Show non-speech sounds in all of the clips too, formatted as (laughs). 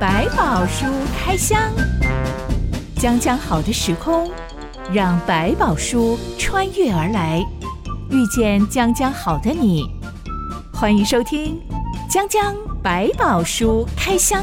百寶書開箱，將將好的時空，讓百寶書穿越而來，遇見將將好的你。歡迎收聽《將將百寶書開箱》。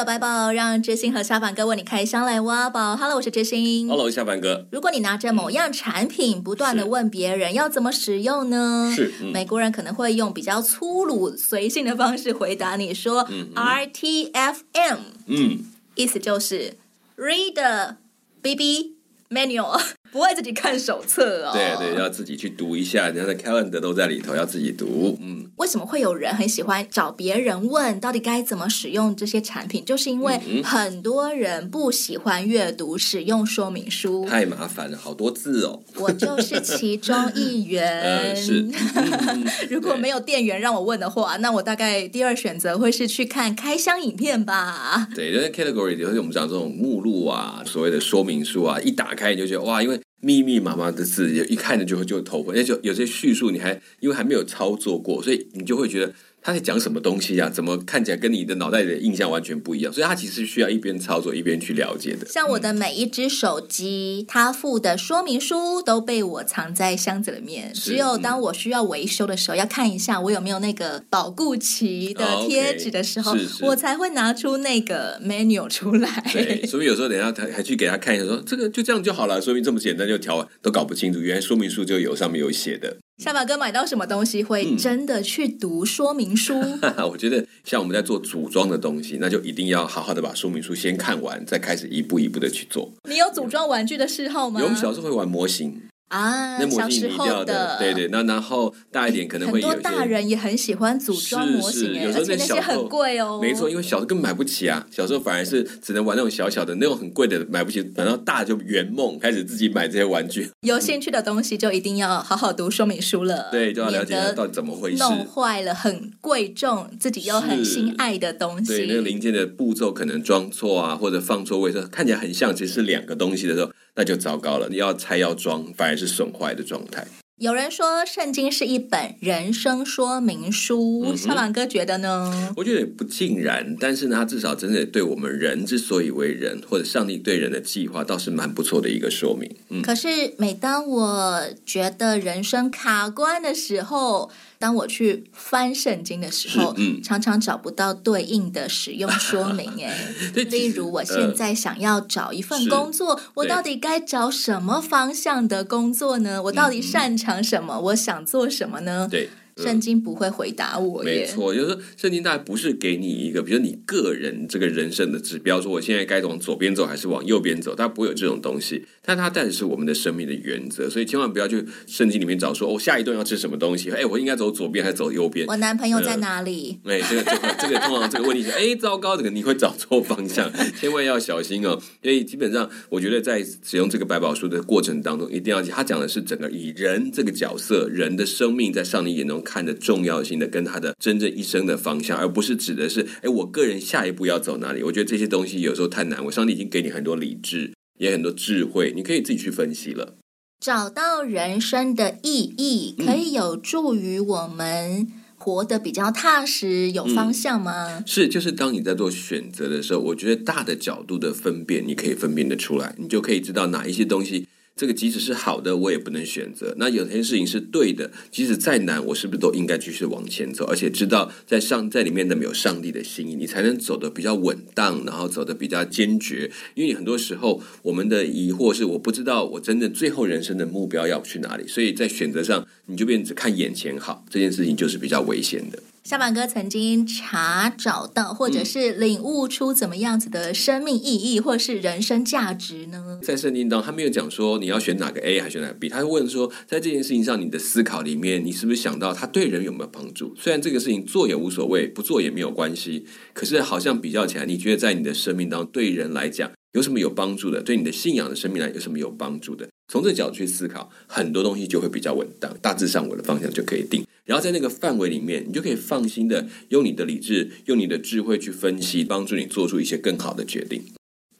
小白寶，讓知心和下凡哥為你開箱來挖寶。Hello，我是知心。Hello，下凡哥。如果你拿着某樣產品，不斷的問別人要怎麼使用呢？是。是。嗯。美國人可能會用比較粗魯、隨性的方式回答你說嗯嗯：“RTFM。”嗯，意思就是 “Read the B B manual”。不愛自己看手冊哦，對對，要自己去讀一下，人家的 calendar 都在裡頭，要自己讀。嗯，為什麼會有人很喜歡找別人問到底該怎麼使用這些產品？就是因為很多人不喜歡閱讀使用說明書，太麻煩了，好多字哦。我就是其中一員。 (laughs) (laughs) 嗯、是， (laughs) 如果沒有店員讓我問的話，那我大概第二選擇會是去看開箱影片吧。對，就是 category 就是我們講這種目錄啊，所謂的說明書啊，一打開你就覺得哇，因為密密麻麻的字，也一看着就會就頭昏，那就有些敘述你還因為還沒有操作過，所以你就會覺得。他在講什麼東西啊？怎麼看起來跟你的腦袋的印象完全不一樣？所以，他其實需要一邊操作一邊去了解的。像我的每一只手機，嗯、他附的說明書都被我藏在箱子裡面。只有當我需要維修的時候，嗯、要看一下我有沒有那個保護旗的貼紙的時候 okay, 是是，我才會拿出那個 manual 出來對。所以有時候等一下他還,還去給他看一下，說這個就這樣就好了，說明這麼簡單就調，都搞不清楚，原來說明書就有上面有寫的。小馬哥買到什麼東西會真的去讀說明書？嗯、 (laughs) 我覺得像我們在做組裝的東西，那就一定要好好的把說明書先看完，再開始一步一步的去做。你有組裝玩具的嗜好嗎？有，我們小時候會玩模型。啊，那小時候的、的、對對，那然後大一點可能會有一些，很多大人也很喜歡組裝模型。是是，而且有時候那些很貴哦。沒錯，因為小時候更買不起啊，小時候反而是只能玩那種小小的，那種很貴的買不起，等到大就圓夢，開始自己買這些玩具。有興趣的東西就一定要好好讀說明書了。嗯、對，就要了解到底怎麼回事。弄壞了很貴重、自己又很心愛的東西，對那個零件的步驟可能裝錯啊，或者放錯位置，看起來很像，其實是兩個東西的時候。那就糟糕了，你要拆要裝，反而是損壞的狀態。有人說聖經是一本人生說明書，小朗哥覺得呢？我覺得也不盡然，但是呢，他至少真的對我們人之所以為人，或者上帝對人的計劃，倒是蠻不錯的一個說明，嗯。可是每當我覺得人生卡關的時候。當我去翻聖經的時候，嗯嗯、常常找不到對應的使用說明。 (laughs) 例如我現在想要找一份工作，呃，我到底該找什麼方向的工作呢？我到底擅長什麼？嗯，我想做什麼呢？對。嗯、聖經不會回答我，沒錯，就是說聖經大概不是給你一個，比如你個人這個人生的指標，說我現在該往左邊走還是往右邊走，它不會有這種東西。但它但是是我們的生命的原則，所以千萬不要去聖經裡面找說，說、哦、我下一頓要吃什麼東西，哎，我應該走左邊還是走右邊？我男朋友在哪裡？嗯、哎，這個這個這個通常這個問題是， (laughs) 哎，糟糕，這個你會找錯方向，千萬要小心哦。因為基本上，我覺得在使用這個百寶書的過程當中，一定要記，他講的是整個以人這個角色，人的生命在上帝眼中看的重要性的跟他的真正一生的方向，而不是指的是，哎，我個人下一步要走哪裡？我覺得這些東西有時候太難。我上帝已經給你很多理智，也很多智慧，你可以自己去分析了。找到人生的意義，可以有助於我們活得比較踏實，有方向嗎、嗯？是，就是當你在做選擇的時候，我覺得大的角度的分辨，你可以分辨的出來，你就可以知道哪一些東西。這個即使是好的，我也不能選擇。那有些事情是對的，即使再難，我是不是都應該繼續往前走？而且知道在上在裡面的沒有上帝的心意，你才能走得比較穩當，然後走得比較堅決。因為很多時候我們的疑惑是我不知道我真的最後人生的目標要去哪裡，所以在選擇上你就變成只看眼前好，這件事情就是比較危險的。夏凡哥曾經查找到，或者是領悟出怎麼樣子的生命意義，或是人生價值呢？在聖經當中，他沒有講說你要選哪個 A 還是選哪個 B，他會問說，在這件事情上，你的思考裡面，你是不是想到他對人有沒有幫助？雖然這個事情做也無所謂，不做也沒有關係，可是好像比較起來，你覺得在你的生命當中，對人來講？有什麼有幫助的？對你的信仰的生命來有什麼有幫助的？從這角度去思考，很多東西就會比較穩當。大致上，我的方向就可以定。然後在那個範圍裡面，你就可以放心的用你的理智、用你的智慧去分析，幫助你做出一些更好的決定。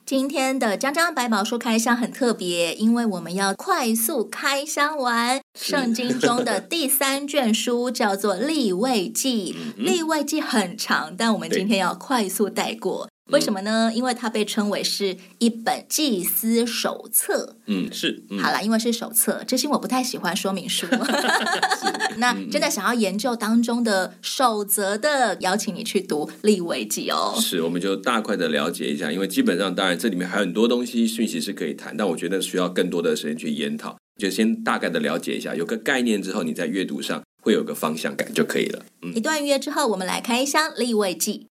今天的江江百寶書開箱很特別，因為我們要快速開箱完聖經中的第三卷書，叫做《利未記》。《利未記》很長，但我們今天要快速帶過。為什麼呢？因為它被稱為是一本祭司手冊。嗯，是。嗯、好了，因為是手冊，其實我不太喜歡說明書。 (laughs) (laughs) 那真的想要研究當中的守則的，邀請你去讀《利未記》哦。是，我們就大塊的了解一下，因為基本上，當然這裡面還有很多東西、訊息是可以談，但我覺得需要更多的時間去研討。就先大概的了解一下，有個概念之後，你在閱讀上會有個方向感就可以了。嗯、一段閱之後，我們來開箱《利未記》。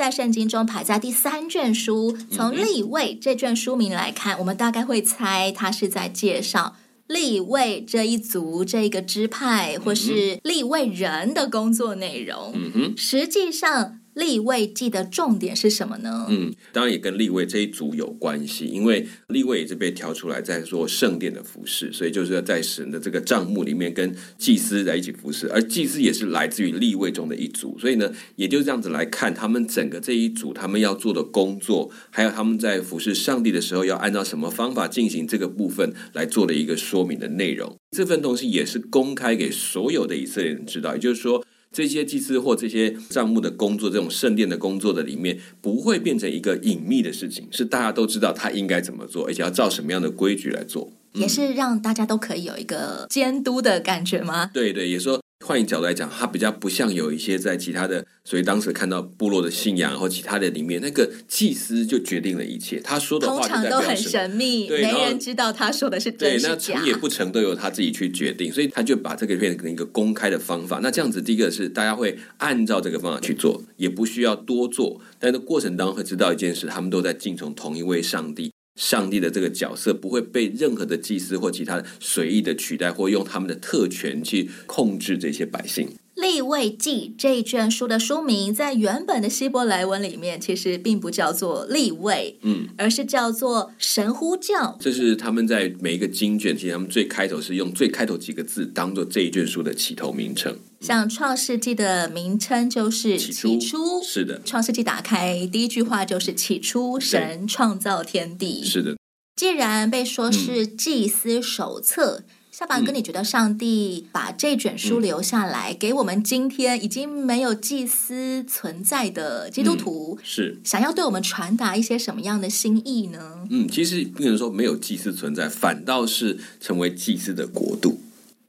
在聖經中排在第三卷書，從“利未”這卷書名來看，我們大概會猜它是在介紹“利未”這一族、這個支派或是“利未人”的工作內容。嗯哼，實際上。利未記的重點是什麼呢？嗯，當然也跟利未這一組有關係，因為利未也是被挑出來在做聖殿的服侍，所以就是要在神的這個帳幕裡面跟祭司在一起服侍。而祭司也是來自於利未中的一組，所以呢，也就是這樣子來看他們整個這一組他們要做的工作，還有他們在服侍上帝的時候要按照什麼方法進行這個部分來做的一個說明的內容，這份東西也是公開給所有的以色列人知道，也就是說。這些祭司或這些賬目的工作，這種聖殿的工作的裡面，不會變成一個隱秘的事情，是大家都知道他應該怎麼做，而且要照什麼樣的規矩來做，嗯、也是讓大家都可以有一個監督的感覺嗎？對對，也說。換一角度來講，他比較不像有一些在其他的，所以當時看到部落的信仰或其他的裡面，那個祭司就決定了一切，他說的話通常都很神秘，對，沒人知道他說的是，是對，對，那成也不成，都由他自己去決定，所以他就把這個變成一個公開的方法。那這樣子，第一個是大家會按照這個方法去做，也不需要多做，但是過程當中會知道一件事，他們都在敬從同一位上帝。上帝的這個角色不會被任何的祭司或其他隨意的取代，或用他們的特權去控制這些百姓。《利未記》這一卷書的書名，在原本的希伯來文裡面，其實並不叫做“利未”，嗯，而是叫做“神呼叫”。這是他們在每一個經卷，其實他們最開頭是用最開頭幾個字，當做這一卷書的起頭名稱。嗯、像《創世記》的名稱就是“起初”，是的，《創世記》打開第一句話就是“起初神創造天地”，是的。既然被說是祭司手冊。嗯夏凡、嗯、跟你覺得上帝把這卷書留下來、嗯、給我們今天已經沒有祭司存在的基督徒，嗯、是想要對我們傳達一些什麼樣的心意呢？嗯，其實不能說沒有祭司存在，反倒是成為祭司的國度。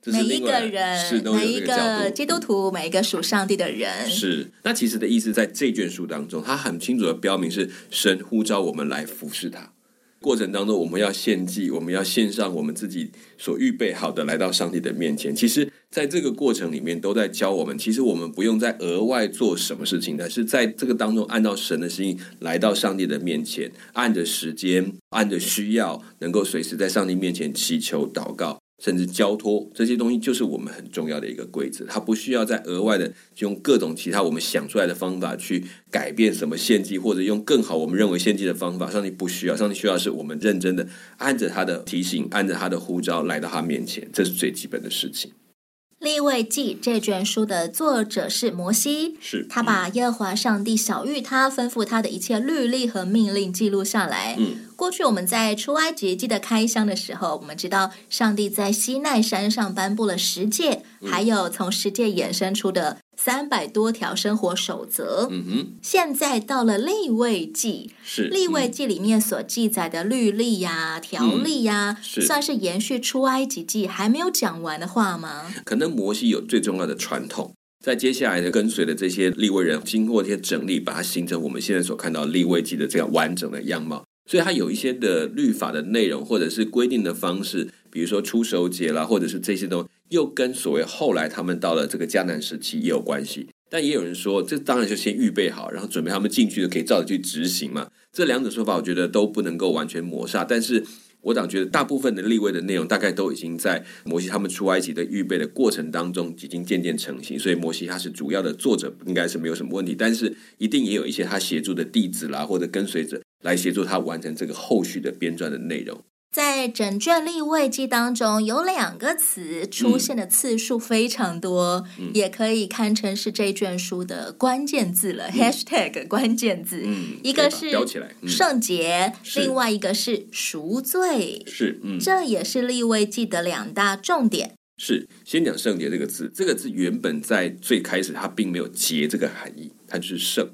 每一個人，每一個基督徒，每一個屬上帝的人，是。那其實的意思在這卷書當中，他很清楚的標明是神呼召我們來服侍他。過程當中，我們要獻祭，我們要獻上我們自己所預備好的，來到上帝的面前。其實，在這個過程裡面，都在教我們，其實我們不用再額外做什麼事情，但是在這個當中，按照神的心來到上帝的面前，按着時間，按着需要，能夠隨時在上帝面前祈求禱告。甚至交托這些東西，就是我們很重要的一個規則。他不需要再額外的用各種其他我們想出來的方法去改變什麼獻祭，或者用更好我們認為獻祭的方法。上帝不需要，上帝需要是我們認真的按着他的提醒，按着他的呼召來到他面前，這是最基本的事情。《利未記》這卷書的作者是摩西，是、嗯、他把耶和華上帝曉諭他、吩咐他的一切律例和命令記錄下來。嗯，過去我們在出埃及記的開箱的時候，我們知道上帝在西奈山上頒布了十誡，還有從十誡衍生出的三百多條生活守則，嗯哼，現在到了利未記，是利未記裡面所記載的律例呀、啊嗯、條例呀、啊嗯，算是延續出埃及記還沒有講完的話嗎？可能摩西有最重要的傳統，在接下來的跟隨的這些利未人，經過這些整理，把它形成我們現在所看到利未記的這樣完整的樣貌。所以它有一些的律法的內容，或者是規定的方式，比如說出手節啦，或者是這些東西。又跟所謂後來他們到了這個迦南時期也有關係，但也有人說，這當然就先預備好，然後準備他們進去就可以照着去執行嘛。這兩者說法，我覺得都不能夠完全抹煞，但是，我想覺得大部分的利未的內容，大概都已經在摩西他們出埃及的預備的過程當中，已經漸漸成型。所以，摩西他是主要的作者，應該是沒有什麼問題。但是，一定也有一些他協助的弟子啦，或者跟隨者來協助他完成這個後續的編撰的內容。在整卷利未記當中，有兩個詞出現的次數非常多，嗯、也可以看成是這一卷書的關鍵字了。嗯、#hashtag 關鍵字，嗯、一個是聖潔，標起來、嗯、聖潔，另外一個是贖罪，是，這也是利未記的兩大重點。是，先講聖潔這個字，這個字原本在最開始它並沒有潔這個含義，它就是聖。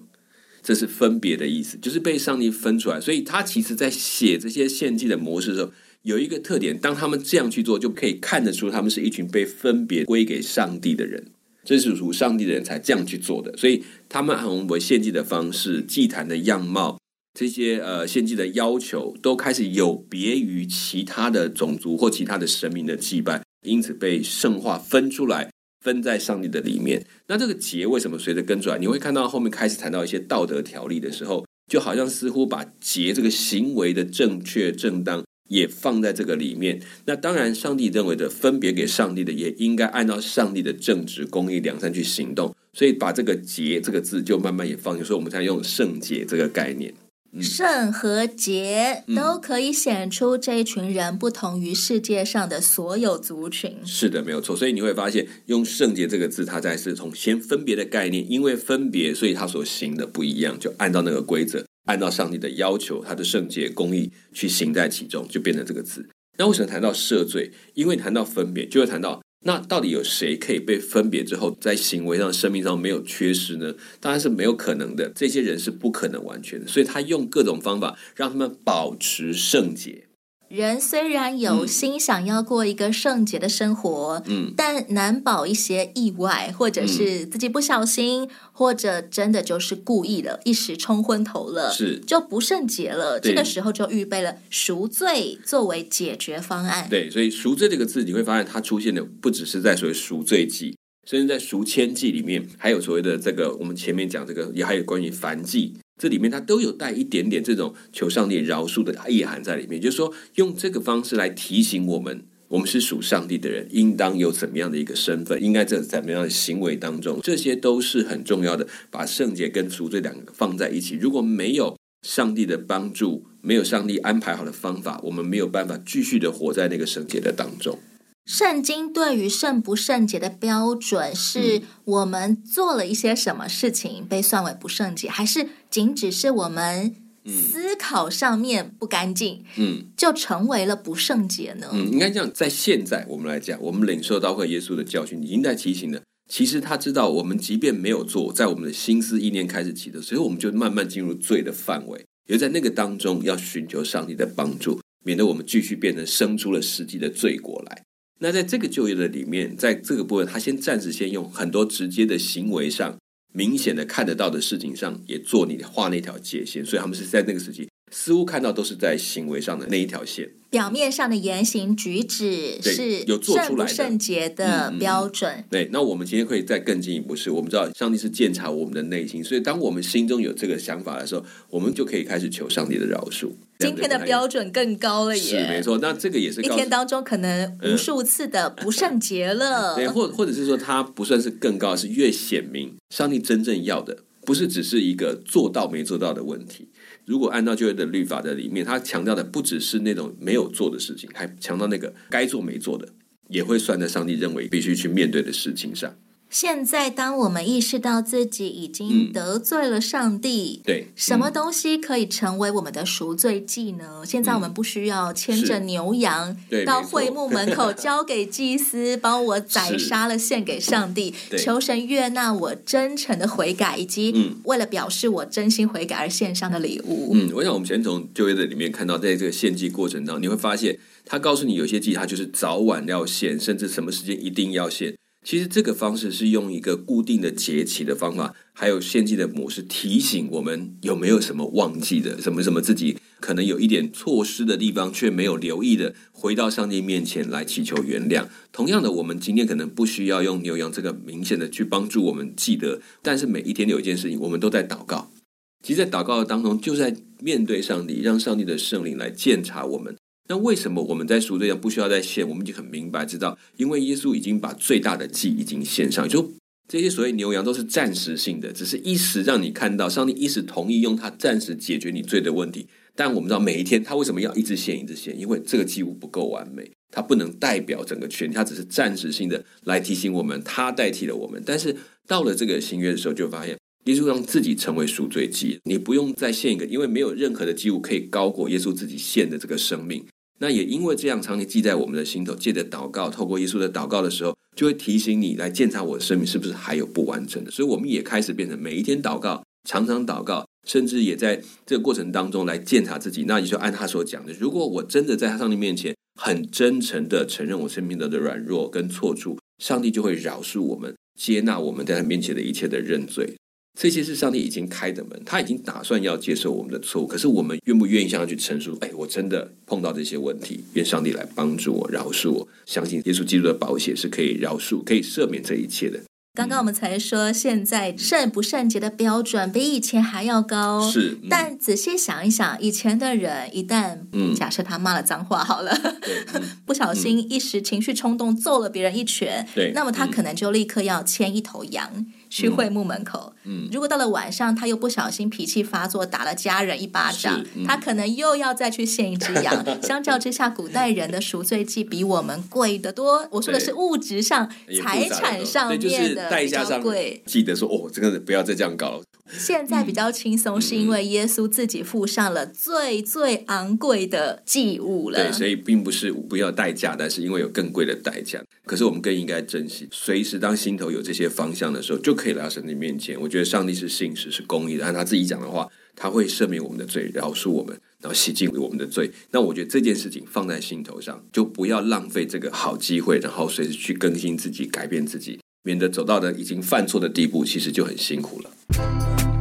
這是分別的意思，就是被上帝分出來。所以，他其實在寫這些獻祭的模式的時候，有一個特點：當他們這樣去做，就可以看得出他們是一群被分別歸給上帝的人。這是屬上帝的人才這樣去做的。所以，他們行為獻祭的方式、祭壇的樣貌、這些呃獻祭的要求，都開始有別於其他的種族或其他的神明的祭拜，因此被聖化分出來。分在上帝的裡面，那這個潔為什麼隨着跟轉？你會看到後面開始談到一些道德條例的時候，就好像似乎把潔這個行為的正確正當也放在這個裡面。那當然，上帝認為的分別給上帝的，也應該按照上帝的正直、公義、良善去行動。所以，把這個潔這個字就慢慢也放進，所以我們才用聖潔這個概念。嗯、聖和潔都可以顯出這一群人不同於世界上的所有族群。是的，沒有錯。所以你會發現，用“聖潔”這個字，它在是從先分別的概念，因為分別，所以它所行的不一樣，就按照那個規則，按照上帝的要求，它的聖潔、公義去行在其中，就變成這個字。那為什麼談到赦罪？因為談到分別，就會談到。那到底有誰可以被分別之後，在行為上、生命上沒有缺失呢？當然是沒有可能的，這些人是不可能完全的，所以他用各種方法讓他們保持聖潔。人雖然有心想要過一個聖潔的生活嗯，嗯，但難保一些意外，或者是自己不小心，嗯、或者真的就是故意了，一時沖昏頭了，是就不聖潔了。這個時候就預備了贖罪作為解決方案。對，所以贖罪這個字，你會發現它出現的不只是在所謂贖罪祭，甚至在贖愆祭裡面，還有所謂的這個我們前面講這個，也還有關於燔祭。這裡面它都有帶一點點這種求上帝饒恕的意涵在裡面，就是說用這個方式來提醒我們，我們是屬上帝的人，應當有怎麼樣的一個身份，應該在怎麼樣的行為當中，這些都是很重要的。把聖潔跟贖罪兩個放在一起，如果沒有上帝的幫助，沒有上帝安排好的方法，我們沒有辦法繼續的活在那個聖潔的當中。聖經對於聖不聖潔的標準，是我們做了一些什麼事情被算為不聖潔，嗯、還是僅只是我們思考上面不乾淨，嗯，就成為了不聖潔呢？嗯，應該這樣，在現在我們來講，我們領受到過耶穌的教訓，已經在提醒了。其實他知道，我們即便沒有做，在我們的心思意念開始起的時候，所以我們就慢慢進入罪的範圍，也在那個當中要尋求上帝的幫助，免得我們繼續變成生出了實際的罪過來。那在這個就業的裡面，在這個部分，他先暫時先用很多直接的行為上，明顯的看得到的事情上，也做你畫那條界限，所以他們是在那個時期。似乎看到都是在行為上的那一條線，表面上的言行舉止是有做出來的聖潔的標準、嗯。對，那我們今天可以再更進一步，是我們知道上帝是鑒察我們的內心，所以當我們心中有這個想法的時候，我們就可以開始求上帝的饒恕。今天的標準更高了耶，是沒錯。那這個也是一天當中可能無數次的不聖潔了。嗯、 (laughs) 對，或者或者是說，它不算是更高，是越顯明上帝真正要的，不是只是一個做到沒做到的問題。如果按照舊約的律法的裡面，他強調的不只是那種沒有做的事情，還強調那個該做沒做的，也會算在上帝認為必須去面對的事情上。現在，當我們意識到自己已經得罪了上帝，嗯、對什麼東西可以成為我們的贖罪祭呢、嗯？現在我們不需要牽着牛羊到會幕門口交給祭司，幫 (laughs) 我宰殺了獻給上帝，求神悅納我真誠的悔改以及為了表示我真心悔改而獻上的禮物。嗯、我想，我們前從舊約的裡面看到，在這個獻祭過程當中，你會發現，他告訴你有些祭，他就是早晚要獻，甚至什麼時間一定要獻。其實這個方式是用一個固定的節期的方法，還有獻祭的模式，提醒我們有沒有什麼忘記的，什麼什麼自己可能有一點錯失的地方，卻沒有留意的，回到上帝面前來祈求原諒。同樣的，我們今天可能不需要用牛羊這個明顯的去幫助我們記得，但是每一天有一件事情，我們都在禱告。其實，在禱告的當中，就在面對上帝，讓上帝的聖靈來鑒察我們。那為什麼我們在贖罪上不需要再獻？我們已經很明白知道，因為耶穌已經把最大的祭已經獻上，就這些所謂牛羊都是暫時性的，只是一時讓你看到上帝一時同意用他暫時解決你罪的問題。但我們知道每一天他為什麼要一直獻一直獻？因為這個祭物不夠完美，他不能代表整個群體，他只是暫時性的來提醒我們，他代替了我們。但是到了這個新約的時候，就發現耶穌讓自己成為贖罪祭，你不用再獻一個，因為沒有任何的祭物可以高過耶穌自己獻的這個生命。那也因為這樣，常常記在我們的心頭。借着禱告，透過耶穌的禱告的時候，就會提醒你來檢查我的生命是不是還有不完成的。所以，我們也開始變成每一天禱告，常常禱告，甚至也在這個過程當中來檢查自己。那你就按他所講的，如果我真的在他上帝面前很真誠地承認我生命的軟弱跟錯處，上帝就會饒恕我們，接納我們在他面前的一切的認罪。這些是上帝已經開的門，他已經打算要接受我們的錯誤，可是我們願不願意向他去陳述？哎，我真的碰到這些問題，願上帝來幫助我，饒恕我。相信耶穌基督的保險是可以饒恕、可以赦免這一切的。剛剛我們才說，嗯、現在聖不聖潔的標準比以前還要高。是、嗯，但仔細想一想，以前的人一旦，嗯，假設他罵了髒話，好了，嗯、 (laughs) 不小心、嗯、一時情緒衝動揍了別人一拳，那麼他可能就立刻要牽一頭羊、嗯、去會幕門口。如果到了晚上，他又不小心脾氣發作，打了家人一巴掌，嗯、他可能又要再去獻一隻羊。 (laughs) 相較之下，古代人的贖罪祭比我們貴得多。 (laughs) 我說的是物質上、財產上面的、就是、代價上貴。記得說哦，這個不要再這樣搞了。現在比較輕鬆，是因為耶穌自己付上了最最昂貴的祭物了。對，所以並不是不要代價，但是因為有更貴的代價。可是我們更應該珍惜，隨時當心頭有這些方向的時候，就可以來到神的面前。我覺覺得上帝是信實，是公義的。按他自己講的話，他會赦免我們的罪，饒恕我們，然後洗淨我們的罪。那我覺得這件事情放在心頭上，就不要浪費這個好機會，然後隨時去更新自己，改變自己，免得走到的已經犯錯的地步，其實就很辛苦了。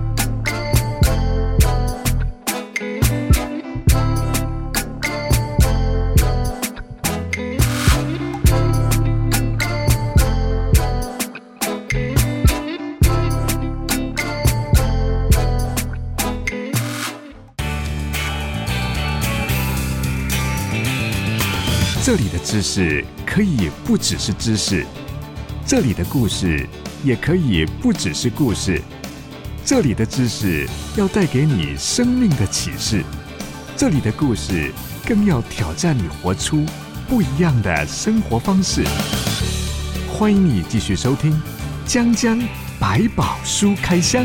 知識可以不只是知識，這裡的故事也可以不只是故事，這裡的知識要帶給你生命的啟示，這裡的故事更要挑戰你活出不一樣的生活方式。歡迎你繼續收聽《江江百寶書開箱》。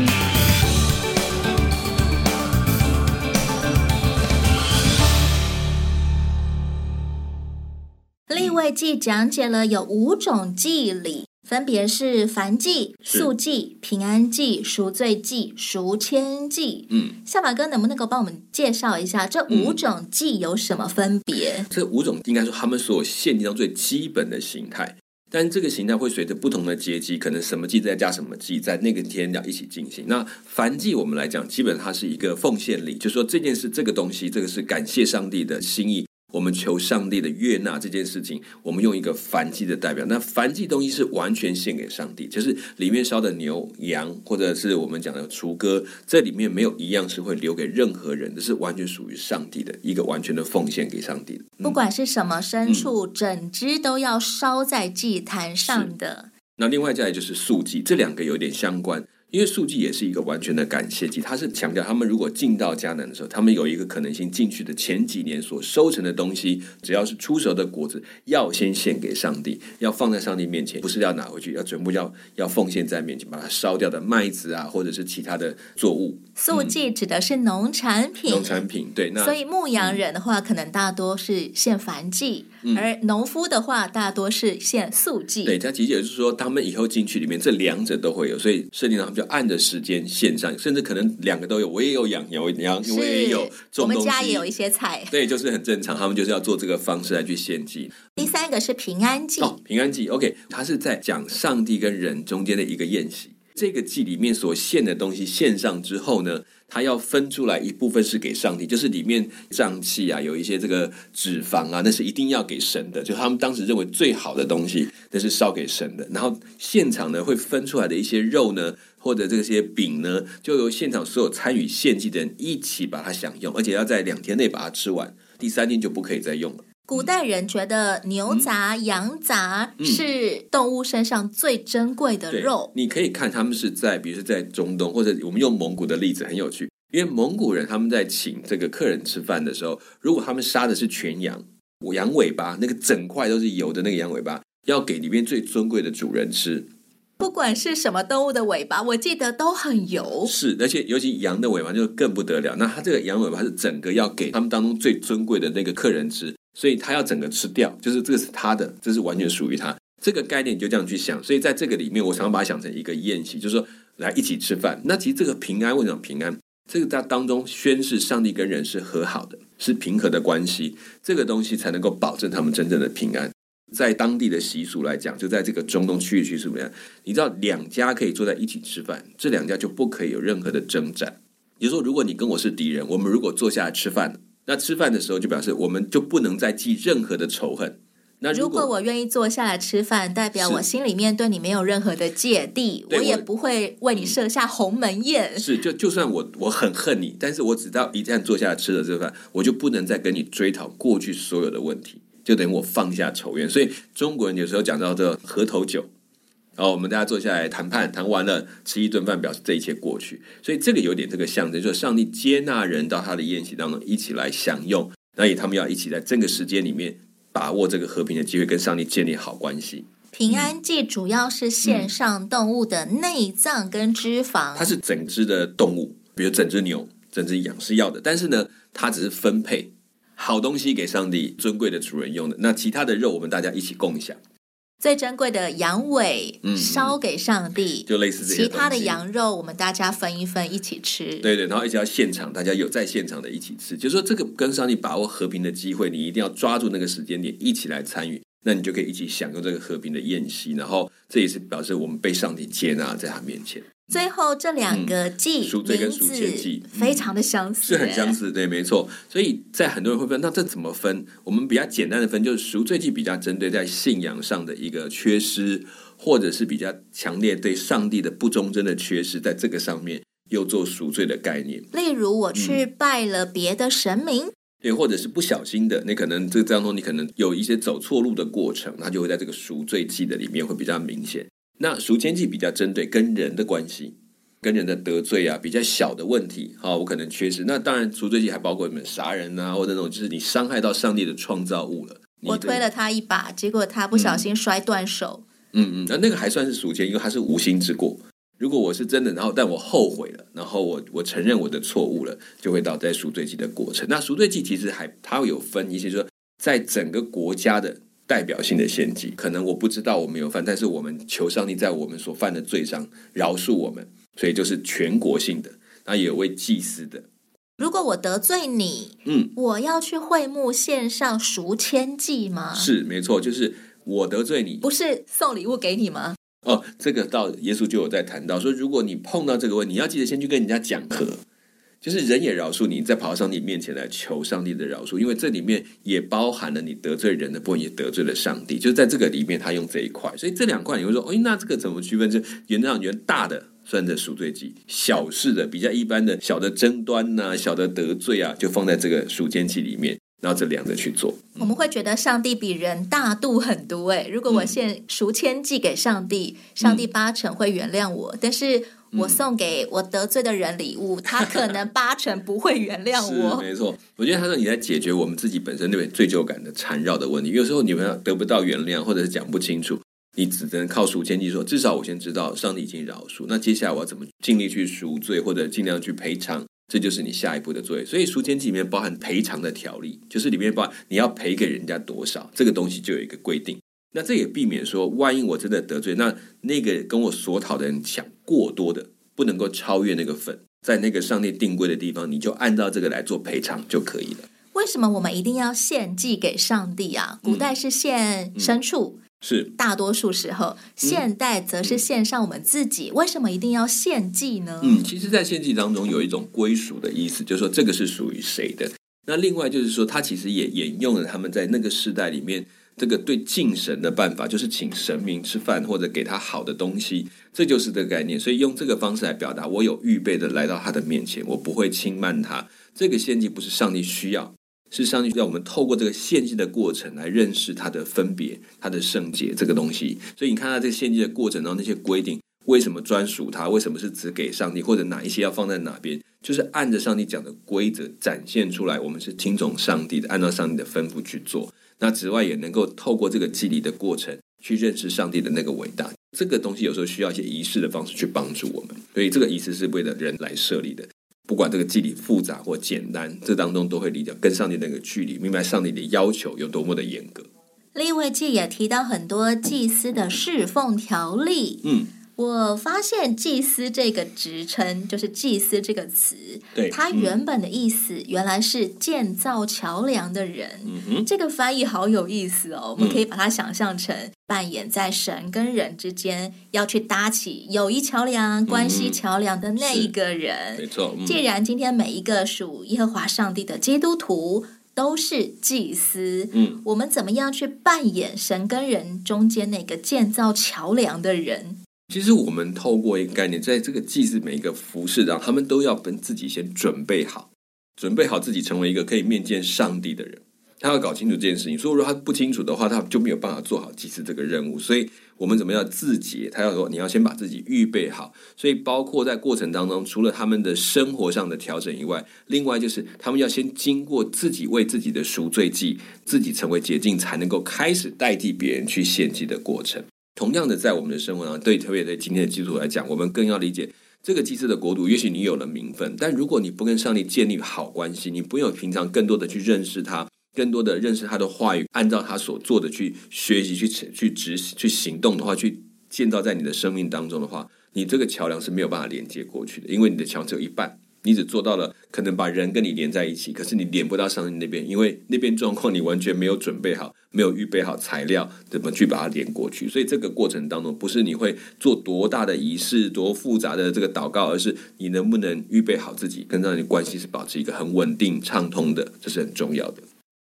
祭講解了有五種祭禮，分別是燔祭、素祭、平安祭、贖罪祭、贖愆祭。嗯，下馬哥能不能夠幫我們介紹一下這五種祭有什麼分別？嗯嗯、這五種應該說他們所有獻祭中最基本的形態，但是這個形態會隨着不同的階級，可能什麼祭再加什麼祭，在那個天要一起進行。那燔祭我們來講，基本它是一個奉獻禮，就是、說這件事，這個東西，這個是感謝上帝的心意。我們求上帝的悅納這件事情，我們用一個燔祭的代表。那燔祭東西是完全獻給上帝，就是裡面燒的牛羊，或者是我們講的雛鴿，這裡面沒有一樣是會留給任何人，這是完全屬於上帝的一個完全的奉獻給上帝，嗯。不管是什麼牲畜，嗯，整隻都要燒在祭壇上的。那另外再來就是素祭，這兩個有點相關。因為素祭也是一個完全的感謝祭，它是強調他們如果進到迦南的時候，他們有一個可能性進去的前幾年所收成的東西，只要是初熟的果子，要先獻給上帝，要放在上帝面前，不是要拿回去，要全部要要奉獻在面前，把它燒掉的麥子啊，或者是其他的作物。素祭指的是農產品，嗯、農產品對。那所以牧羊人的話，嗯、可能大多是獻燔祭。嗯、而農夫的話，大多是獻素祭。對，他其實也就是說，他們以後進去裡面，這兩者都會有。所以聖他們就按着時間獻上，甚至可能兩個都有。我也有養牛，養我也有我們家也有一些菜。對，就是很正常。他們就是要做這個方式來去獻祭。第三個是平安祭哦，平安祭。OK，它是在講上帝跟人中間的一個宴席。這個祭裡面所獻的東西獻上之後呢，他要分出來一部分是給上帝，就是裡面臟器啊，有一些這個脂肪啊，那是一定要給神的。就他們當時認為最好的東西，那是燒給神的。然後現場呢，會分出來的一些肉呢，或者這些餅呢，就由現場所有參與獻祭的人一起把它享用，而且要在兩天內把它吃完，第三天就不可以再用了。古代人覺得牛雜、嗯、羊雜是動物身上最珍貴的肉，嗯。你可以看他們是在，比如是在中東，或者我們用蒙古的例子很有趣。因為蒙古人他們在請這個客人吃飯的時候，如果他們殺的是全羊，羊尾巴那個整塊都是油的那個羊尾巴，要給裡面最尊貴的主人吃。不管是什麼動物的尾巴，我記得都很油。是，而且尤其羊的尾巴就更不得了。那他這個羊尾巴是整個要給他們當中最尊貴的那個客人吃。所以他要整個吃掉，就是這個是他的，這是完全屬於他，這個概念就這樣去想。所以在這個裡面，我常把它想成一個宴席，就是說來一起吃飯。那其實這個平安為什麼平安，這個在當中宣示，上帝跟人是和好的，是平和的關係，這個東西才能夠保證他們真正的平安。在當地的習俗來講，就在這個中東區域習俗裡面，你知道兩家可以坐在一起吃飯，這兩家就不可以有任何的征戰。也就說，如果你跟我是敵人，我們如果坐下來吃飯。那吃飯的時候就表示，我們就不能再記任何的仇恨。那如果，如果我願意坐下來吃飯，代表我心裡面對你沒有任何的芥蒂，我，我也不會為你設下鴻門宴。是，就就算我我很恨你，但是我只要一旦坐下來吃了這個飯，我就不能再跟你追討過去所有的問題，就等於我放下仇怨。所以中國人有時候講到這“和頭酒”。然後我們大家坐下來談判，談完了吃一頓飯，表示這一切過去。所以這個有點這個象徵，就是上帝接納人到他的宴席當中一起來享用。那也他們要一起在這個時間裡面把握這個和平的機會，跟上帝建立好關係。平安祭主要是獻上動物的內臟跟脂肪、嗯嗯，它是整隻的動物，比如整隻牛、整隻羊是要的。但是呢，它只是分配好東西給上帝尊貴的主人用的。那其他的肉，我們大家一起共享。最珍貴的羊尾燒給上帝嗯嗯，就類似這個。其他的羊肉，我們大家分一分，一起吃。對對，然後一直到現場，大家有在現場的一起吃。就是說，這個跟上帝把握和平的機會，你一定要抓住那個時間點，一起來參與，那你就可以一起享用這個和平的宴席。然後，這也是表示我們被上帝接納在他面前。最後這兩個祭,、嗯、贖罪跟贖愆祭名字非常的相似，是很相似，對，沒錯。所以在很多人會問，那這怎麼分？我們比較簡單的分，就是贖罪祭比較針對在信仰上的一個缺失，或者是比較強烈對上帝的不忠貞的缺失，在這個上面又做贖罪的概念。例如我去拜了別的神明，嗯、對，或者是不小心的，那可能這當中，你可能有一些走錯路的過程，它就會在這個贖罪祭的裡面會比較明顯。那贖罪祭比較針對跟人的關係，跟人的得罪啊，比較小的問題哈、哦，我可能缺失。那當然贖罪祭還包括什麼殺人啊，或者那種就是你傷害到上帝的創造物了。我推了他一把，結果他不小心摔斷手。嗯嗯，那、嗯、那個還算是贖罪，因為他是無心之過。如果我是真的，然後但我後悔了，然後我我承認我的錯誤了，就會倒在贖罪祭的過程。那贖罪祭其實還它有分一些，就是、說在整個國家的，代表性的獻祭，可能我不知道我沒有犯，但是我們求上帝在我們所犯的罪上饒恕我們，所以就是全國性的，那有位祭司的。如果我得罪你，嗯，我要去會幕獻上贖愆祭嗎？是，沒錯，就是我得罪你，不是送禮物給你嗎？哦，這個到耶穌就有在談到說，如果你碰到這個問題，你要記得先去跟人家講和。就是人也饒恕你，再跑到上帝面前來求上帝的饒恕，因為這裡面也包含了你得罪人的部分，也得罪了上帝。就是在這個裡面，他用這一塊。所以這兩塊，你會說，哎、哦，那這個怎麼區分？就原則上，覺得大的算在贖罪祭，小事的比較一般的，小的爭端吶、啊，小的得罪啊，就放在這個贖愆祭裡面。然後這兩個去做、嗯，我們會覺得上帝比人大度很多、欸。哎，如果我獻贖愆祭給上帝、嗯，上帝八成會原諒我，但是。我送給我得罪的人禮物，他可能八成不會原諒我。 (laughs) 沒錯，我覺得他說，你在解決我們自己本身那個罪疚感的纏繞的問題。有時候你們要得不到原諒，或者是講不清楚，你只能靠贖愆祭。說，至少我先知道上帝已經饒恕，那接下來我要怎麼盡力去贖罪，或者盡量去賠償，這就是你下一步的作業。所以贖愆祭裡面包含賠償的條例，就是裡面包含你要賠給人家多少這個東西，就有一個規定。那這也避免說，萬一我真的得罪那那個跟我索討的人，搶過多的，不能夠超越那個份，在那個上帝定規的地方，你就按照這個來做賠償就可以了。為什麼我們一定要獻祭給上帝啊？古代是獻牲畜，嗯嗯、是大多數時候；現代則是獻上我們自己、嗯。為什麼一定要獻祭呢？嗯，其實，在獻祭當中有一種歸屬的意思，就是說這個是屬於誰的。那另外就是說，它其實也沿用了他們在那個時代裡面。這個對敬神的辦法，就是請神明吃飯或者給他好的東西，這就是這個概念。所以用這個方式來表達，我有預備的來到他的面前，我不會輕慢他。這個獻祭不是上帝需要，是上帝需要我們透過這個獻祭的過程來認識他的分別，他的聖潔這個東西。所以你看到這個獻祭的過程當中那些規定，為什麼專屬他？為什麼是只給上帝？或者哪一些要放在哪邊？就是按着上帝講的規則展現出來。我們是聽從上帝的，按照上帝的吩咐去做。那之外，也能夠透過這個祭禮的過程，去認識上帝的那個偉大。這個東西有時候需要一些儀式的方式去幫助我們，所以這個儀式是為了人來設立的。不管這個祭禮複雜或簡單，這當中都會理解跟上帝的那個距離，明白上帝的要求有多麼的嚴格。利未記也提到很多祭司的侍奉條例。嗯。我發現“祭司”這個職稱，就是“祭司”這個詞、嗯，它原本的意思原來是建造橋樑的人、嗯嗯。這個翻譯好有意思哦、嗯！我們可以把它想象成扮演在神跟人之間、嗯、要去搭起友誼橋樑、嗯、關係橋樑的那一個人。沒錯、嗯，既然今天每一個屬耶和華上帝的基督徒都是祭司，嗯、我們怎麼樣去扮演神跟人中間那個建造橋樑的人？其實我們透過一個概念，在這個祭司每一個服侍上，他們都要跟自己先準備好，準備好自己成為一個可以面見上帝的人。他要搞清楚這件事情，如果說他不清楚的話，他就沒有辦法做好祭司這個任務。所以，我們怎麼樣自潔？他要說你要先把自己預備好。所以，包括在過程當中，除了他們的生活上的調整以外，另外就是他們要先經過自己為自己的贖罪祭，自己成為潔淨，才能夠開始代替別人去獻祭的過程。同樣的，在我們的生活上，對特別對今天的基督徒來講，我們更要理解這個祭司的國度。也許你有了名分，但如果你不跟上帝建立好關係，你不用平常更多的去認識他，更多的認識他的話語，按照他所做的去學習、去去執行，去行動的話，去建造在你的生命當中的話，你這個橋樑是沒有辦法連接過去的，因為你的橋只有一半。你只做到了可能把人跟你連在一起，可是你連不到上帝那邊，因為那邊狀況你完全沒有準備好，沒有預備好材料，怎麼去把它連過去？所以這個過程當中，不是你會做多大的儀式、多複雜的這個禱告，而是你能不能預備好自己，跟上帝的關係是保持一個很穩定、暢通的，這是很重要的。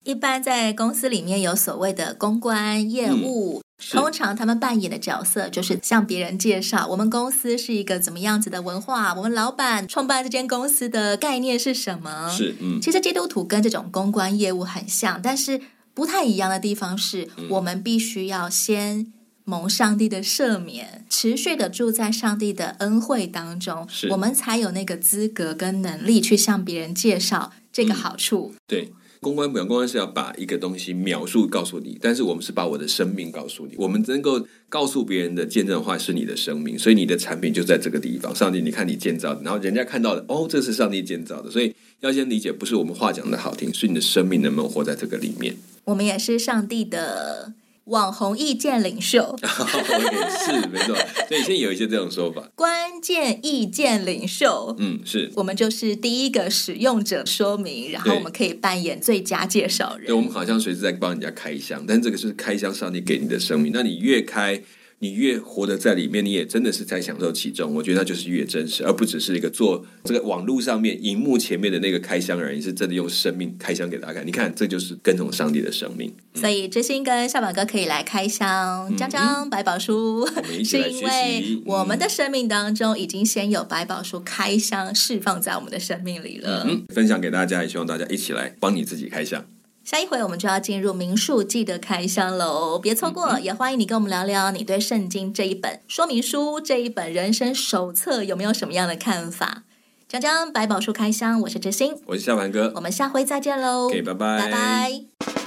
一般在公司裡面有所謂的公關業務，嗯，通常他們扮演的角色就是向別人介紹我們公司是一個怎麼樣子的文化，我們老闆創辦這間公司的概念是什麼？是嗯、其實基督徒跟這種公關業務很像，但是不太一樣的地方是我們必須要先蒙上帝的赦免，持續的住在上帝的恩惠當中，我們才有那個資格跟能力去向別人介紹這個好處。嗯、對。公關不講，公關是要把一個東西描述告訴你，但是我們是把我的生命告訴你。我們能夠告訴別人的見證的話是你的生命，所以你的產品就在這個地方。上帝，你看你建造的，然後人家看到的，哦，這是上帝建造的。所以要先理解，不是我們話講的好聽，是你的生命能不能活在這個裡面。我們也是上帝的。網紅意見領袖 (laughs) okay, 是沒錯，所以現在有一些這種說法， (laughs) 關鍵意見領袖。嗯，是我們就是第一個使用者說明，然後我們可以扮演最佳介紹人。對，就我們好像隨時在幫人家開箱，但這個是開箱上帝給你的生命，嗯，那你越開。你越活的在裡面，你也真的是在享受其中。我覺得那就是越真實，而不只是一個做這個網絡上面、熒幕前面的那個開箱而已。是真的用生命開箱給大家看。你看，這就是跟從上帝的生命。嗯、所以，追星跟下板哥可以來開箱，張張百寶書，是因為我們的生命當中已經先有百寶書開箱釋放在我們的生命裡了。嗯，分享給大家，也希望大家一起來幫你自己開箱。下一回我們就要進入《民數記的開箱》嘍，別錯過、嗯嗯！也歡迎你跟我們聊聊你對《聖經》這一本說明書、這一本人生手冊有沒有什麼樣的看法。張張百寶書開箱，我是知心，我是夏凡哥，我們下回再見嘍！OK，拜拜，拜拜。